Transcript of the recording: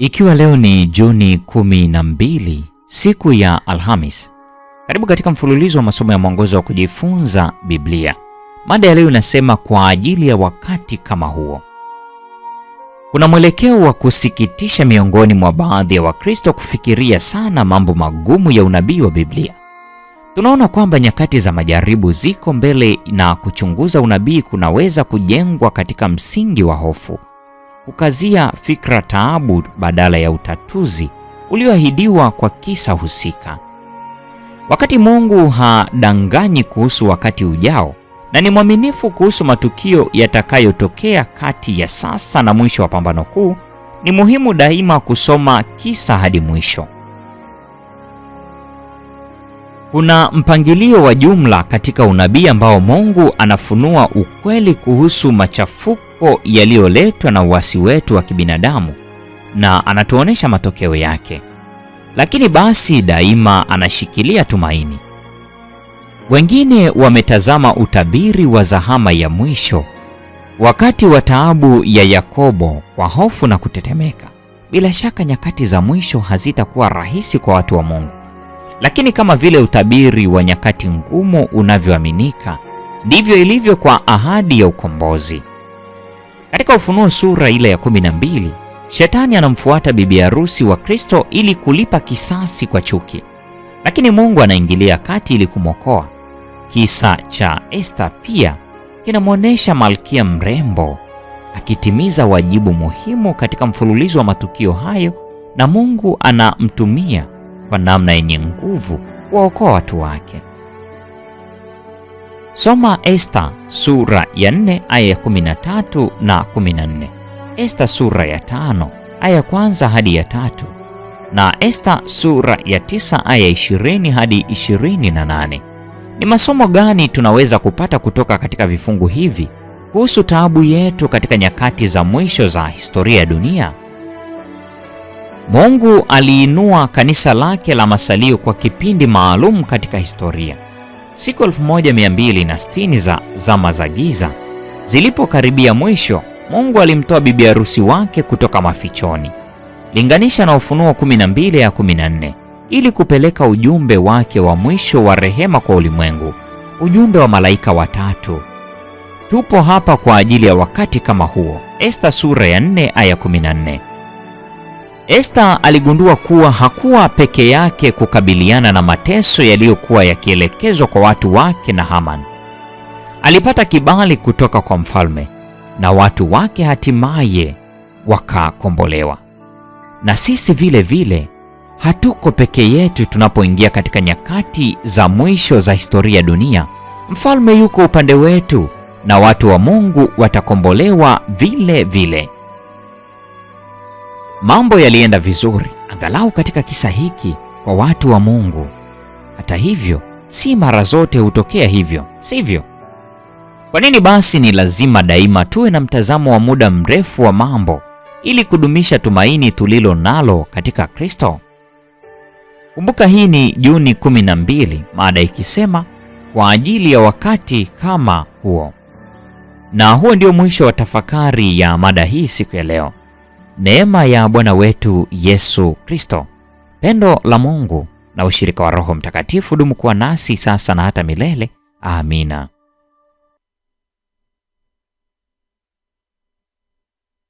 Ikiwa leo ni Juni kumi na mbili, siku ya Alhamis, karibu katika mfululizo wa masomo ya mwongozo wa kujifunza Biblia. Mada ya leo inasema kwa ajili ya wakati kama huo. Kuna mwelekeo wa kusikitisha miongoni mwa baadhi ya Wakristo kufikiria sana mambo magumu ya unabii wa Biblia. Tunaona kwamba nyakati za majaribu ziko mbele na kuchunguza unabii kunaweza kujengwa katika msingi wa hofu kukazia fikra taabu badala ya utatuzi ulioahidiwa kwa kisa husika. Wakati Mungu hadanganyi kuhusu wakati ujao na ni mwaminifu kuhusu matukio yatakayotokea kati ya sasa na mwisho wa pambano kuu, ni muhimu daima kusoma kisa hadi mwisho. Kuna mpangilio wa jumla katika unabii ambao Mungu anafunua ukweli kuhusu machafuko yaliyoletwa na uasi wetu wa kibinadamu na anatuonesha matokeo yake. Lakini basi daima anashikilia tumaini. Wengine wametazama utabiri wa zahama ya mwisho wakati wa taabu ya Yakobo kwa hofu na kutetemeka. Bila shaka nyakati za mwisho hazitakuwa rahisi kwa watu wa Mungu. Lakini kama vile utabiri wa nyakati ngumu unavyoaminika, ndivyo ilivyo kwa ahadi ya ukombozi. Katika Ufunuo sura ile ya 12, Shetani anamfuata bibi harusi wa Kristo ili kulipa kisasi kwa chuki, lakini Mungu anaingilia kati ili kumwokoa. Kisa cha Esta pia kinamwonyesha malkia mrembo akitimiza wajibu muhimu katika mfululizo wa matukio hayo, na Mungu anamtumia kwa namna yenye nguvu kuwaokoa watu wake. Soma Esta sura ya 4 aya ya 13 na 14, Esta sura ya 5 aya ya kwanza hadi ya tatu na Esta sura ya 9 aya 20 hadi 28. Ni masomo gani tunaweza kupata kutoka katika vifungu hivi kuhusu taabu yetu katika nyakati za mwisho za historia ya dunia? Mungu aliinua kanisa lake la Masalio kwa kipindi maalum katika historia. Siku 1260 za zama za giza zilipokaribia mwisho, Mungu alimtoa bibi harusi wake kutoka mafichoni. Linganisha na Ufunuo 12 ya 14 ili kupeleka ujumbe wake wa mwisho wa rehema kwa ulimwengu, ujumbe wa malaika watatu. Tupo hapa kwa ajili ya wakati kama huo. Esta sura ya 4 aya 14. Esther aligundua kuwa hakuwa peke yake kukabiliana na mateso yaliyokuwa yakielekezwa kwa watu wake na Haman. Alipata kibali kutoka kwa mfalme na watu wake hatimaye wakakombolewa. Na sisi vile vile hatuko peke yetu tunapoingia katika nyakati za mwisho za historia ya dunia. Mfalme yuko upande wetu na watu wa Mungu watakombolewa vile vile. Mambo yalienda vizuri angalau katika kisa hiki kwa watu wa Mungu. Hata hivyo, si mara zote hutokea hivyo, sivyo? Kwa nini basi ni lazima daima tuwe na mtazamo wa muda mrefu wa mambo ili kudumisha tumaini tulilo nalo katika Kristo? Kumbuka hii ni Juni 12, mada ikisema kwa ajili ya wakati kama huo. Na huo ndio mwisho wa tafakari ya mada hii siku ya leo. Neema ya Bwana wetu Yesu Kristo, pendo la Mungu na ushirika wa Roho Mtakatifu dumu kuwa nasi sasa na hata milele. Amina.